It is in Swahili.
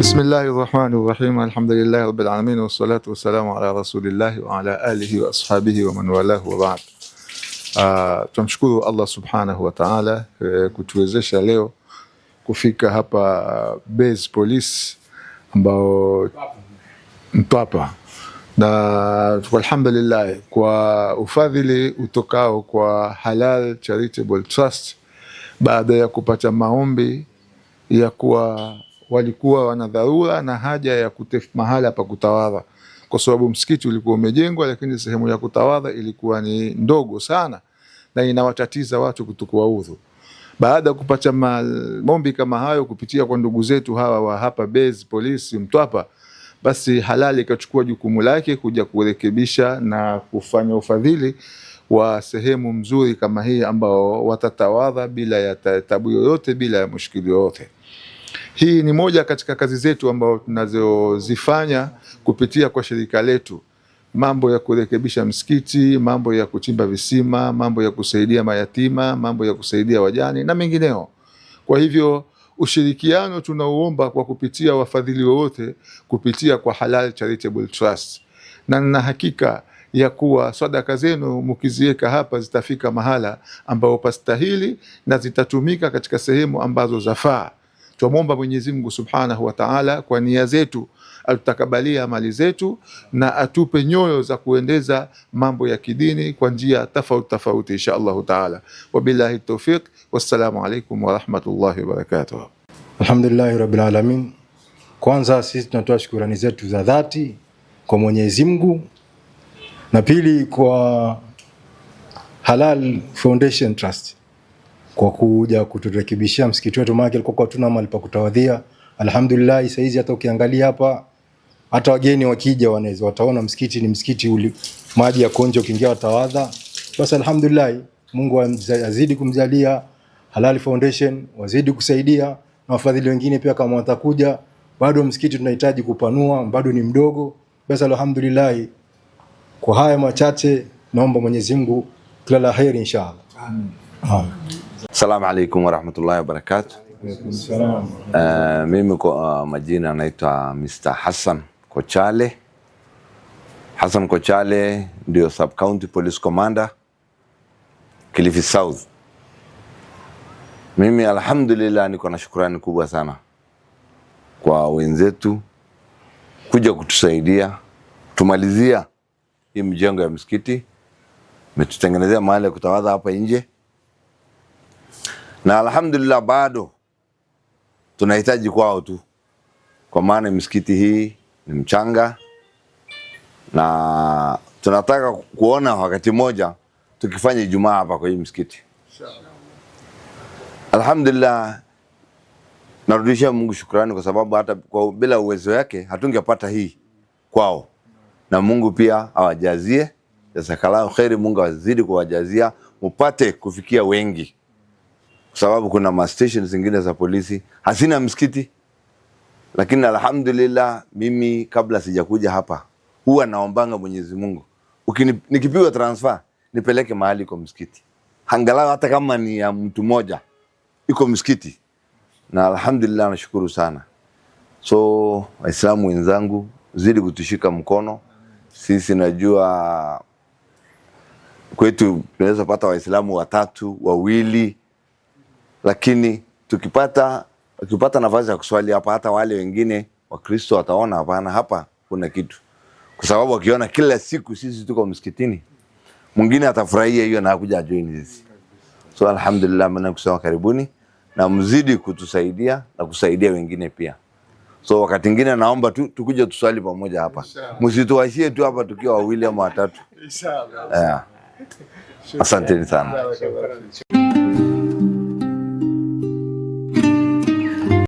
Bismillahi rahmani rahim, alhamdulillahi rabbil alamin, wassalatu wassalamu ala rasulillahi wa ala alihi wa ashabihi wa man walahu wa ba'd. Uh, tunamshukuru Allah subhanahu wa eh, kutuwezesha leo kufika hapa uh, base police ambao Mpapa na alhamdulillah kwa ufadhili utokao kwa Halal Charitable Trust baada ya kupata maombi ya kuwa walikuwa wana dharura na haja ya kutafuta mahala pa kutawadha, kwa sababu msikiti ulikuwa umejengwa, lakini sehemu ya kutawadha ilikuwa ni ndogo sana na inawatatiza watu kutukua udhu. Baada ya kupata maombi kama hayo kupitia kwa ndugu zetu hawa wa hapa Bezi polisi Mtwapa, basi halali ikachukua jukumu lake kuja kurekebisha na kufanya ufadhili wa sehemu mzuri kama hii ambao watatawadha bila ya tabu yoyote, bila ya mushkili yoyote. Hii ni moja katika kazi zetu ambazo tunazozifanya kupitia kwa shirika letu, mambo ya kurekebisha msikiti, mambo ya kuchimba visima, mambo ya kusaidia mayatima, mambo ya kusaidia wajane na mengineo. Kwa hivyo ushirikiano tunauomba kwa kupitia wafadhili wowote, kupitia kwa Halal Charitable Trust, na nina hakika ya kuwa sadaka zenu mkiziweka hapa zitafika mahala ambapo pastahili na zitatumika katika sehemu ambazo zafaa. Twamwomba Mwenyezi Mungu Subhanahu wa Ta'ala kwa nia zetu atutakabalia amali zetu na atupe nyoyo za kuendeza mambo ya kidini kwa njia tofauti tofauti, insha Allahu Ta'ala. Wabillahi tawfiq, wassalamu alaikum warahmatullahi wabarakatuh. Alhamdulillahi rabbil alamin. Kwanza sisi tunatoa shukurani zetu za dhati kwa Mwenyezi Mungu na pili kwa Halal Foundation Trust kwa kuja kuturekebishia msikiti wetu, maana kulikuwa hatuna mahali pa kutawadhia. Alhamdulillah, sasa hizi hata ukiangalia hapa, hata wageni wakija wanaweza wataona msikiti ni msikiti uli maji ya konjo, ukiingia watawadha. Basi alhamdulillah, Mungu azidi kumjalia Halal Foundation, wazidi kusaidia na wafadhili wengine pia, kama watakuja bado msikiti tunahitaji kupanua, bado ni mdogo. Basi alhamdulillah, kwa haya machache naomba Mwenyezi Mungu kila la heri inshallah. Amen. Amin. Salamu alaikum warahmatullahi wabarakatu. Uh, mimi kwa uh, majina anaitwa Mr. Hassan Kochale. Hassan Kochale ndio Sub County Police Commander Kilifi South. Mimi alhamdulillah niko na shukrani kubwa sana kwa wenzetu kuja kutusaidia tumalizia hii mjengo ya msikiti, umetutengenezea mahali ya kutawadha hapa nje na alhamdulillah bado tunahitaji kwao tu, kwa maana misikiti hii ni mchanga, na tunataka kuona wakati mmoja tukifanya Ijumaa hapa kwa hii msikiti. Alhamdulillah, narudishia Mungu shukrani kwa sababu hata kwa bila uwezo wake hatungepata hii kwao, na Mungu pia awajazie jazakallahu kheri. Mungu azidi kuwajazia mupate kufikia wengi kwa sababu kuna mastation zingine za polisi hazina msikiti. Lakini alhamdulillah, mimi kabla sijakuja hapa huwa naombanga Mwenyezi Mungu, nikipigwa transfer nipeleke mahali iko msikiti, angalau hata kama ni ya mtu mmoja iko msikiti, na alhamdulillah nashukuru sana. So Waislamu wenzangu, zidi kutushika mkono sisi. Najua kwetu tunaweza pata Waislamu watatu wawili lakini tukipata tukipata nafasi ya kuswali hapa, hata wale wengine Wakristo wataona hapana, hapa kuna kitu, kwa sababu wakiona kila siku sisi tuko msikitini, mwingine atafurahia hiyo na kuja join sisi. So alhamdulillah, mimi nakusema karibuni na mzidi kutusaidia na kusaidia wengine pia. So wakati mwingine naomba tu tukuje tuswali pamoja hapa, msituashie tu hapa tukiwa wawili ama watatu. Asanteni sana.